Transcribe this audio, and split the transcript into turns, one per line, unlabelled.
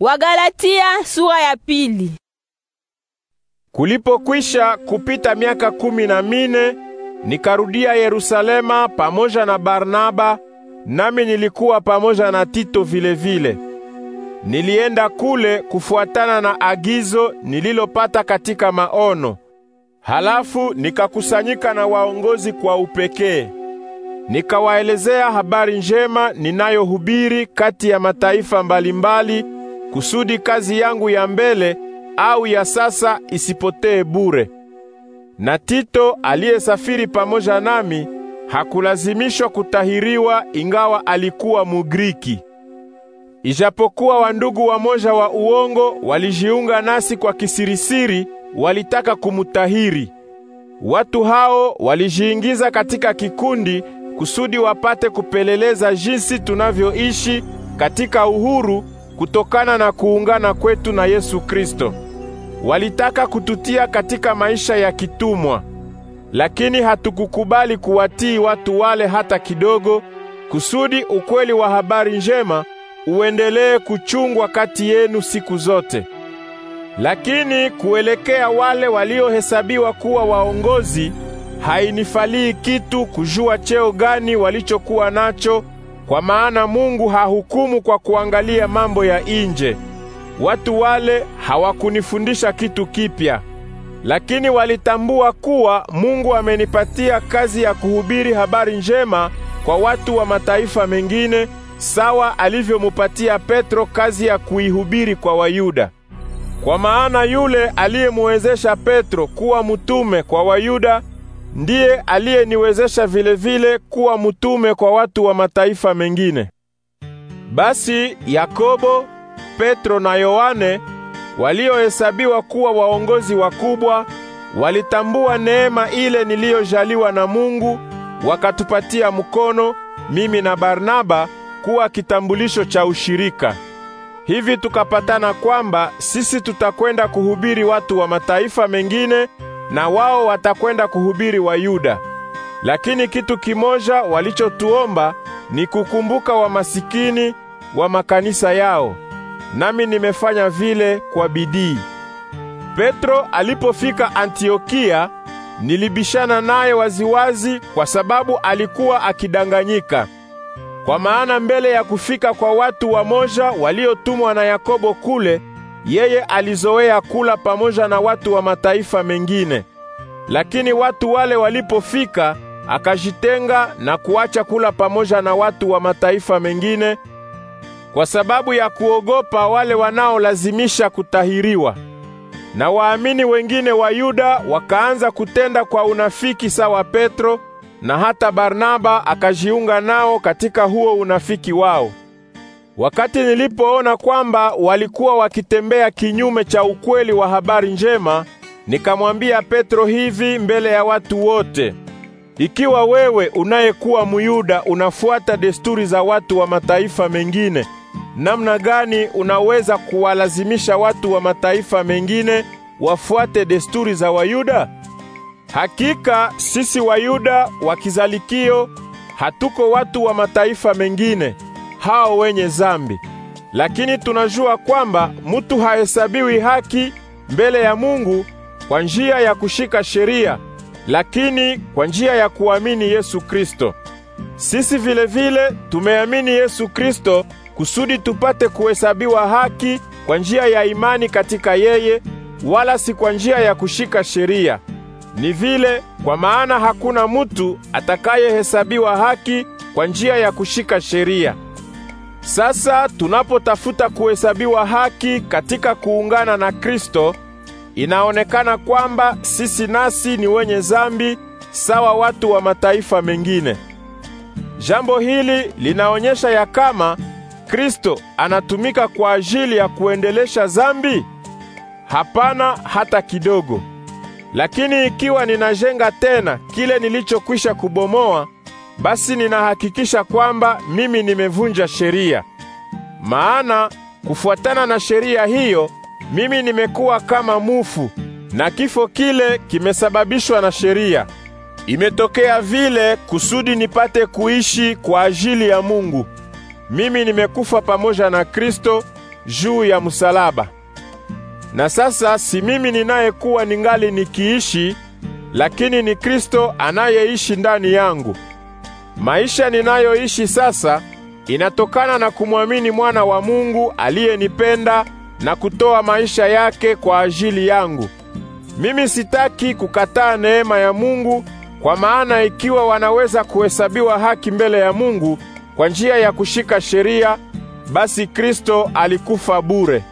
Wagalatia sura ya pili. Kulipokwisha kupita miaka kumi na mine nikarudia Yerusalema pamoja na Barnaba, nami nilikuwa pamoja na Tito vilevile vile. Nilienda kule kufuatana na agizo nililopata katika maono. Halafu nikakusanyika na waongozi kwa upekee. Nikawaelezea habari njema ninayohubiri kati ya mataifa mbalimbali kusudi kazi yangu ya mbele au ya sasa isipotee bure. Na Tito aliyesafiri pamoja nami hakulazimishwa kutahiriwa, ingawa alikuwa Mugriki. Ijapokuwa wandugu wamoja wa uongo walijiunga nasi kwa kisirisiri, walitaka kumutahiri. Watu hao walijiingiza katika kikundi kusudi wapate kupeleleza jinsi tunavyoishi katika uhuru kutokana na kuungana kwetu na Yesu Kristo. Walitaka kututia katika maisha ya kitumwa, lakini hatukukubali kuwatii watu wale hata kidogo, kusudi ukweli wa habari njema uendelee kuchungwa kati yenu siku zote. Lakini kuelekea wale waliohesabiwa kuwa waongozi, hainifalii kitu kujua cheo gani walichokuwa nacho kwa maana Mungu hahukumu kwa kuangalia mambo ya nje. Watu wale hawakunifundisha kitu kipya, lakini walitambua kuwa Mungu amenipatia kazi ya kuhubiri habari njema kwa watu wa mataifa mengine, sawa alivyomupatia Petro kazi ya kuihubiri kwa Wayuda. Kwa maana yule aliyemwezesha Petro kuwa mtume kwa Wayuda ndiye aliyeniwezesha vile vile kuwa mtume kwa watu wa mataifa mengine. Basi Yakobo, Petro na Yohane waliohesabiwa kuwa waongozi wakubwa walitambua neema ile niliyojaliwa na Mungu, wakatupatia mkono mimi na Barnaba kuwa kitambulisho cha ushirika. Hivi tukapatana kwamba sisi tutakwenda kuhubiri watu wa mataifa mengine na wao watakwenda kuhubiri Wayuda. Lakini kitu kimoja walichotuomba ni kukumbuka wa masikini wa makanisa yao, nami nimefanya vile kwa bidii. Petro alipofika Antiokia, nilibishana naye waziwazi, kwa sababu alikuwa akidanganyika. Kwa maana mbele ya kufika kwa watu wamoja waliotumwa na Yakobo kule yeye alizoea kula pamoja na watu wa mataifa mengine, lakini watu wale walipofika, akajitenga na kuacha kula pamoja na watu wa mataifa mengine kwa sababu ya kuogopa wale wanaolazimisha kutahiriwa. Na waamini wengine wa Yuda wakaanza kutenda kwa unafiki sawa Petro na hata Barnaba akajiunga nao katika huo unafiki wao. Wakati nilipoona kwamba walikuwa wakitembea kinyume cha ukweli wa habari njema, nikamwambia Petro hivi mbele ya watu wote, ikiwa wewe unayekuwa Myuda unafuata desturi za watu wa mataifa mengine, namna gani unaweza kuwalazimisha watu wa mataifa mengine wafuate desturi za Wayuda? Hakika sisi Wayuda wa kizalikio hatuko watu wa mataifa mengine hao wenye zambi. Lakini tunajua kwamba mutu hahesabiwi haki mbele ya Mungu kwa njia ya kushika sheria, lakini kwa njia ya kuamini Yesu Kristo. Sisi vile vile tumeamini Yesu Kristo kusudi tupate kuhesabiwa haki kwa njia ya imani katika yeye, wala si kwa njia ya kushika sheria. Ni vile kwa maana hakuna mutu atakayehesabiwa haki kwa njia ya kushika sheria. Sasa tunapotafuta kuhesabiwa haki katika kuungana na Kristo, inaonekana kwamba sisi nasi ni wenye zambi sawa watu wa mataifa mengine. Jambo hili linaonyesha ya kama Kristo anatumika kwa ajili ya kuendelesha zambi? Hapana hata kidogo. Lakini ikiwa ninajenga tena kile nilichokwisha kubomoa, basi ninahakikisha kwamba mimi nimevunja sheria. Maana kufuatana na sheria hiyo mimi nimekuwa kama mufu, na kifo kile kimesababishwa na sheria. Imetokea vile kusudi nipate kuishi kwa ajili ya Mungu. Mimi nimekufa pamoja na Kristo juu ya msalaba. Na sasa si mimi ninayekuwa ningali nikiishi, lakini ni Kristo anayeishi ndani yangu. Maisha ninayoishi sasa inatokana na kumwamini mwana wa Mungu aliyenipenda na kutoa maisha yake kwa ajili yangu. Mimi sitaki kukataa neema ya Mungu, kwa maana ikiwa wanaweza kuhesabiwa haki mbele ya Mungu kwa njia ya kushika sheria, basi Kristo alikufa bure.